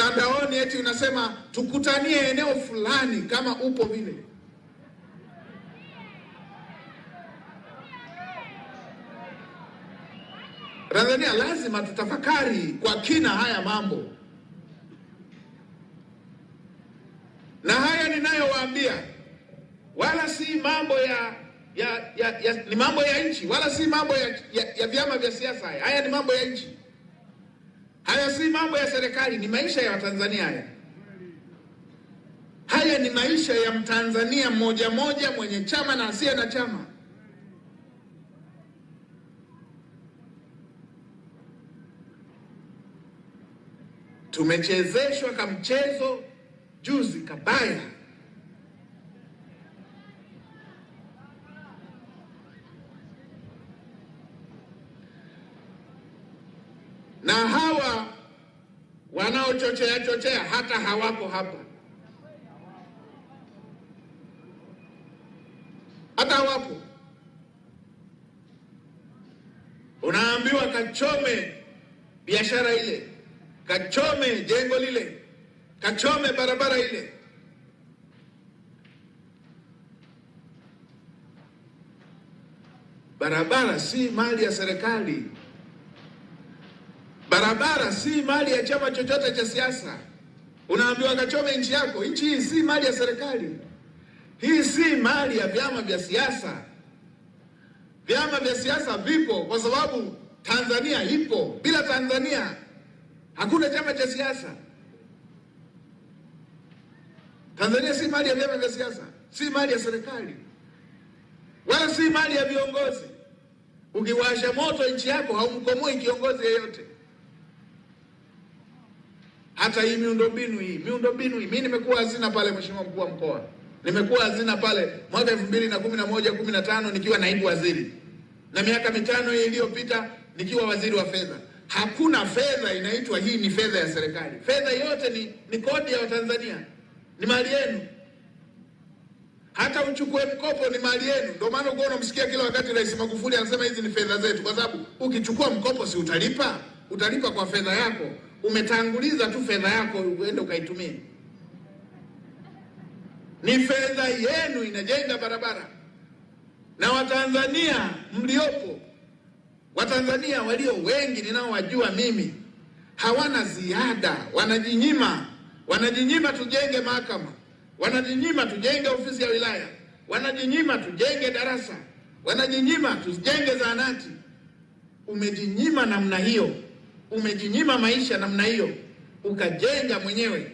mtandaoni eti unasema tukutanie eneo fulani kama upo vile. Tanzania lazima tutafakari kwa kina haya mambo, na haya ninayowaambia wala si mambo ya, ya, ya, ya ni mambo ya nchi wala si mambo ya, ya, ya vyama vya siasa. Haya haya ni mambo ya nchi. Haya si mambo ya serikali, ni maisha ya Watanzania. Haya haya ni maisha ya Mtanzania mmoja mmoja, mwenye chama na asiye na chama. Tumechezeshwa kamchezo juzi kabaya. wanaochochea chochea hata hawapo hapa, hata hawapo. Unaambiwa kachome biashara ile, kachome jengo lile, kachome barabara ile. Barabara si mali ya serikali. Barabara si mali ya chama chochote cha siasa. Unaambiwa kachome nchi yako. Nchi hii si mali ya serikali, hii si mali ya vyama vya siasa. Vyama vya siasa vipo kwa sababu Tanzania ipo. Bila Tanzania hakuna chama cha siasa. Tanzania si mali ya vyama vya siasa, si mali ya serikali, wala si mali ya viongozi. Ukiwasha moto nchi yako haumkomoi kiongozi yeyote hata hii miundombinu hii miundombinu hii, mimi nimekuwa hazina pale, mheshimiwa mkuu wa mkoa, nimekuwa hazina pale mwaka 2011 15 nikiwa naibu waziri na miaka mitano hii iliyopita nikiwa waziri wa fedha. Hakuna fedha inaitwa hii ni fedha ya serikali. Fedha yote ni, ni kodi ya Watanzania, ni mali yenu. Hata uchukue mkopo ni mali yenu. Ndio maana uko unamsikia kila wakati Rais Magufuli anasema hizi ni fedha zetu, kwa sababu ukichukua mkopo si utalipa, utalipa kwa fedha yako umetanguliza tu fedha yako uende ukaitumie. Ni fedha yenu inajenga barabara, na Watanzania mliopo, Watanzania walio wengi ninaowajua mimi, hawana ziada, wanajinyima, wanajinyima tujenge mahakama, wanajinyima tujenge ofisi ya wilaya, wanajinyima tujenge darasa, wanajinyima tujenge zahanati. Umejinyima namna hiyo umejinyima maisha namna hiyo ukajenga mwenyewe,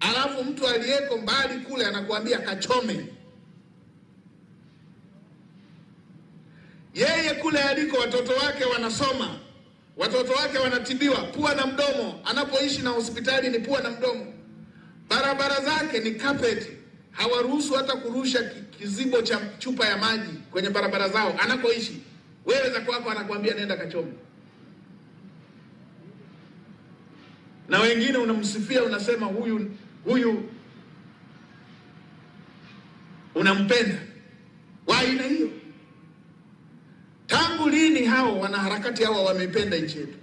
alafu mtu aliyeko mbali kule anakuambia kachome. Yeye kule aliko, watoto wake wanasoma, watoto wake wanatibiwa pua na mdomo, anapoishi na hospitali ni pua na mdomo. Barabara zake ni kapeti, hawaruhusu hata kurusha kizibo cha chupa ya maji kwenye barabara zao anakoishi. Wewe za kwako, anakuambia nenda kachome. na wengine unamsifia, unasema huyu huyu unampenda wa aina hiyo. Tangu lini hao wanaharakati hawa wameipenda nchi yetu?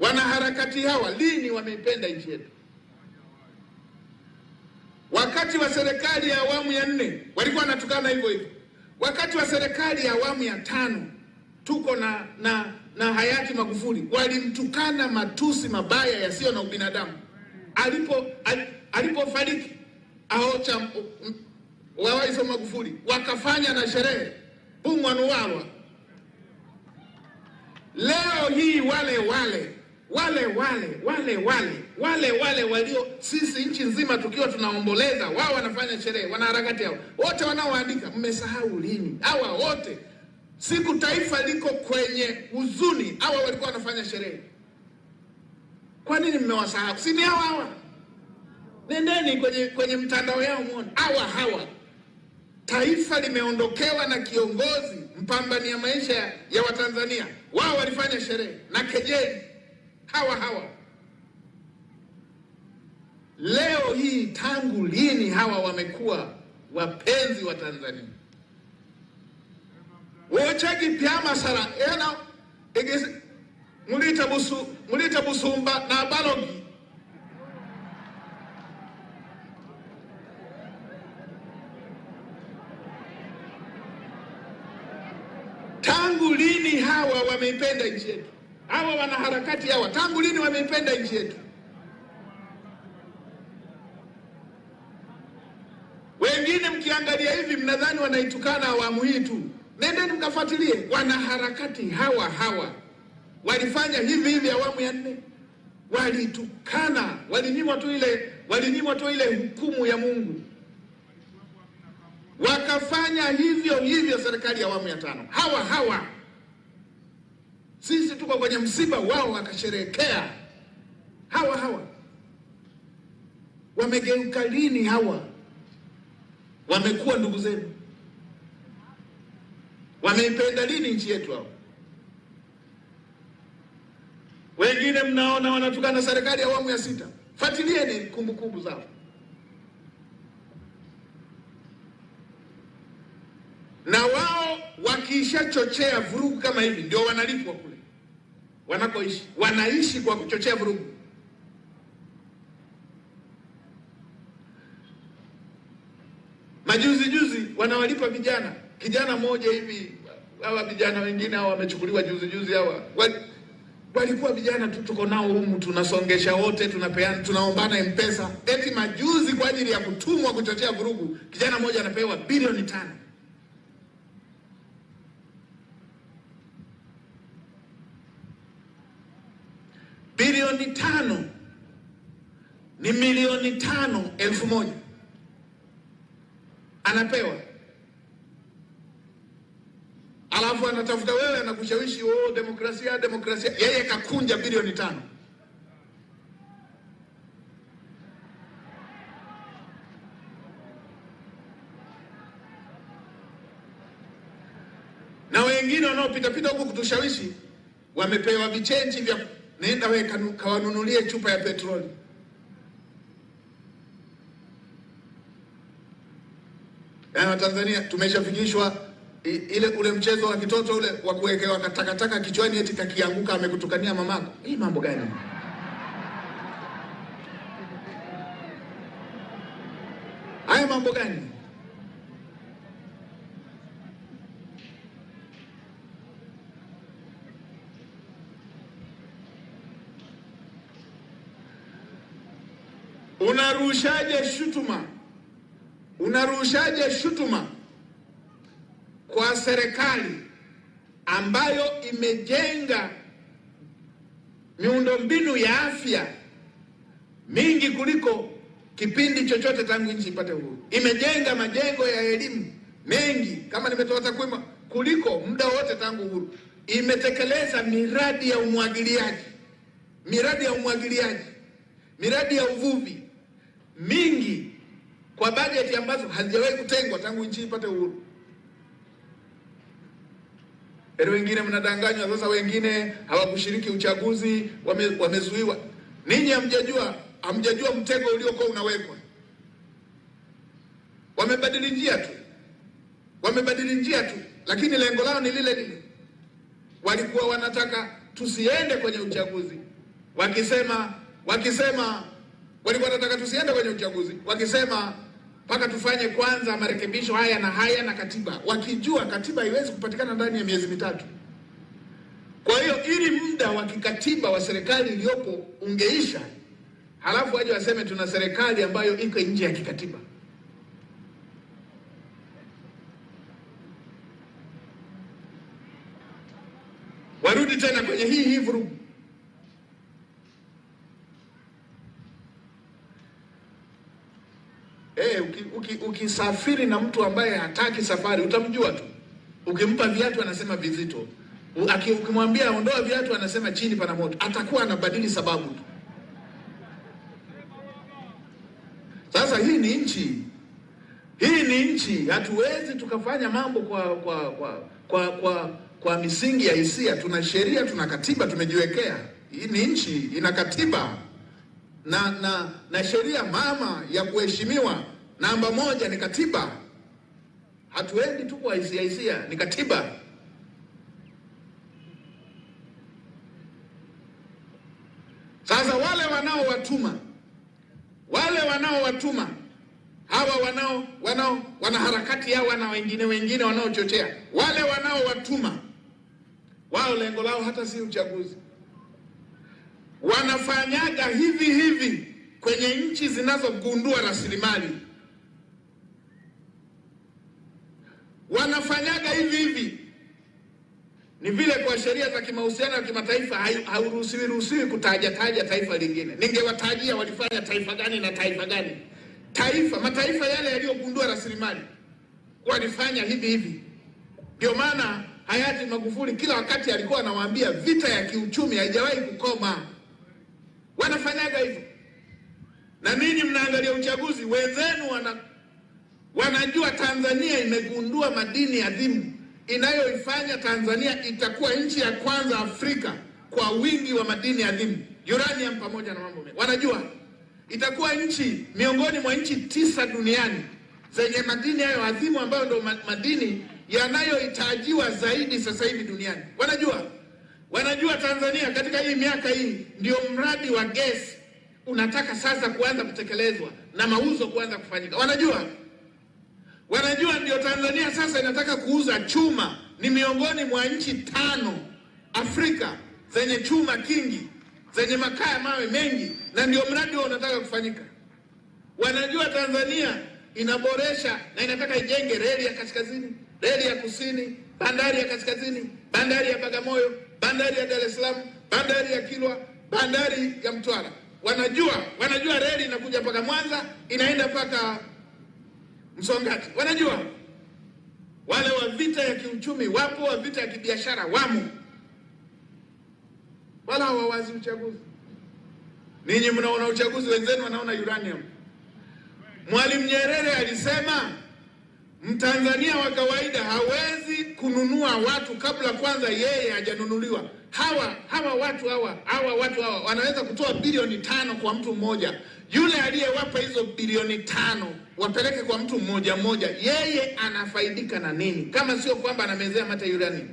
Wanaharakati hawa lini wameipenda nchi yetu? Wakati wa serikali ya awamu ya nne walikuwa wanatukana hivyo hivyo. Wakati wa serikali ya awamu ya tano tuko na na na hayati Magufuli walimtukana matusi mabaya yasiyo na ubinadamu. Alipo alipofariki Aocha mm, wawaizo Magufuli wakafanya na sherehe Pumwanuwawa. Leo hii wale wale wale wale wale wale wale wale walio sisi nchi nzima tukiwa tunaomboleza, wao wanafanya sherehe, wanaharakati hao wote wanaoandika, mmesahau lini? Hawa wote Siku taifa liko kwenye huzuni, hawa walikuwa wanafanya sherehe. Kwa nini mmewasahau? Si ni hawa hawa? Nendeni kwenye kwenye mtandao yao muone hawa hawa. Taifa limeondokewa na kiongozi mpambania maisha ya Watanzania. Wao walifanya sherehe na kejeli, hawa hawa. Leo hii, tangu lini hawa wamekuwa wapenzi wa Tanzania? wokyagi eh, mulita busu mulita busumba na balogi tangu lini hawa wameipenda nchi yetu hawa wanaharakati hawa tangu lini wameipenda nchi yetu wengine mkiangalia hivi mnadhani wanaitukana awamu hii tu nendeni mkafuatilie. Wanaharakati hawa hawa walifanya hivi hivi awamu ya nne, walitukana, walinyimwa tu ile, walinyimwa tu ile hukumu ya Mungu, wakafanya hivyo hivyo serikali ya awamu ya tano. Hawa hawa sisi tuko kwenye msiba wao, wakasherehekea. Hawa hawa wamegeuka lini? Hawa wamekuwa ndugu zenu. Wameipenda lini nchi yetu hao? Wengine mnaona wanatukana serikali ya awamu ya sita, fuatilieni kumbukumbu zao. Na wao wakishachochea vurugu kama hivi, ndio wanalipwa kule wanakoishi, wanaishi kwa kuchochea vurugu. Majuzi juzi wanawalipa vijana, kijana mmoja hivi hawa vijana wengine hawa wamechukuliwa juzi juzi, hawa walikuwa vijana tu, tuko nao humu, tunasongesha wote, tunapeana, tunaombana mpesa. Eti majuzi kwa ajili ya kutumwa kuchochea vurugu, kijana mmoja anapewa bilioni tano. Bilioni tano ni milioni tano elfu moja anapewa alafu anatafuta wewe anakushawishi oh, demokrasia demokrasia. Yeye kakunja bilioni tano. Na wengine wanaopitapita huku kutushawishi wamepewa vichenji vya naenda, wewe kawanunulie chupa ya petroli. Yaani Watanzania tumeshafikishwa ile ule mchezo wa kitoto ule wa kuwekewa takataka kichwani, eti kakianguka amekutukania mamako. Hii mambo gani? Haya mambo gani? Unarushaje shutuma? Unarushaje shutuma kwa serikali ambayo imejenga miundombinu ya afya mingi kuliko kipindi chochote tangu nchi ipate uhuru. Imejenga majengo ya elimu mengi kama nimetoa takwimu kuliko muda wote tangu uhuru. Imetekeleza miradi ya umwagiliaji, miradi ya umwagiliaji, miradi ya uvuvi mingi kwa bajeti ambazo hazijawahi kutengwa tangu nchi ipate uhuru. Pero wengine mnadanganywa sasa, wengine hawakushiriki uchaguzi wame, wamezuiwa. Ninyi hamjajua hamjajua mtego uliokuwa unawekwa. Wamebadili njia tu, wamebadili njia tu, lakini lengo lao ni lile lile. Walikuwa wanataka tusiende kwenye uchaguzi wakisema wakisema, walikuwa wanataka tusiende kwenye uchaguzi wakisema mpaka tufanye kwanza marekebisho haya na haya na katiba, wakijua katiba haiwezi kupatikana ndani ya miezi mitatu. Kwa hiyo ili muda wa kikatiba wa serikali iliyopo ungeisha, halafu waje waseme tuna serikali ambayo iko nje ya kikatiba. Warudi tena kwenye hii hii vurugu. Eh, ukisafiri uki, uki na mtu ambaye hataki safari utamjua tu. Ukimpa viatu anasema vizito, ukimwambia ondoa viatu anasema chini pana moto, atakuwa anabadili sababu tu. Sasa hii ni nchi, hii ni nchi. Hatuwezi tukafanya mambo kwa kwa kwa kwa, kwa, kwa misingi ya hisia. Tuna sheria, tuna katiba tumejiwekea. Hii ni nchi, ina katiba na, na, na sheria mama ya kuheshimiwa namba moja ni katiba. Hatuendi tu kwa hisia hisia, ni katiba. Sasa wale wanaowatuma wale wanaowatuma hawa wanao wanao harakati yao na wengine wengine wanaochochea wale wanaowatuma wao, lengo lao hata si uchaguzi wanafanyaga hivi hivi kwenye nchi zinazogundua rasilimali, wanafanyaga hivi hivi. Ni vile kwa sheria za kimahusiano ya kimataifa hauruhusiwi ruhusiwi kutaja taja taifa lingine. Ningewatajia walifanya taifa gani na taifa gani, taifa mataifa yale yaliyogundua rasilimali walifanya hivi hivi. Ndio maana hayati Magufuli kila wakati alikuwa anawaambia vita ya kiuchumi haijawahi kukoma wanafanyaga hivyo, na ninyi mnaangalia uchaguzi. Wenzenu wana, wanajua Tanzania imegundua madini adhimu inayoifanya Tanzania itakuwa nchi ya kwanza Afrika kwa wingi wa madini adhimu, uranium pamoja na mambo mengi. Wanajua itakuwa nchi miongoni mwa nchi tisa duniani zenye madini hayo adhimu ambayo ndio madini yanayohitajiwa zaidi sasa hivi duniani. Wanajua Wanajua Tanzania katika hii miaka hii ndio mradi wa gesi unataka sasa kuanza kutekelezwa na mauzo kuanza kufanyika. Wanajua, wanajua ndio Tanzania sasa inataka kuuza chuma. Ni miongoni mwa nchi tano Afrika zenye chuma kingi, zenye makaa ya mawe mengi, na ndio mradi huo unataka kufanyika. Wanajua Tanzania inaboresha na inataka ijenge reli ya kaskazini, reli ya kusini, bandari ya kaskazini, bandari ya Bagamoyo bandari ya Dar es Salaam, bandari ya Kilwa, bandari ya Mtwara. Wanajua, wanajua reli inakuja mpaka Mwanza, inaenda mpaka Msongati. Wanajua wale wa vita ya kiuchumi wapo, wa vita ya kibiashara wamo, wala hawawazi uchaguzi. Ninyi mnaona uchaguzi, wenzenu wanaona uranium. Mwalimu Nyerere alisema Mtanzania wa kawaida hawezi kununua watu kabla kwanza yeye hajanunuliwa. Hawa hawa watu hawa hawa watu hawa wanaweza kutoa bilioni tano kwa mtu mmoja. Yule aliyewapa hizo bilioni tano wapeleke kwa mtu mmoja mmoja, yeye anafaidika na nini kama sio kwamba anamezea mate yule nini?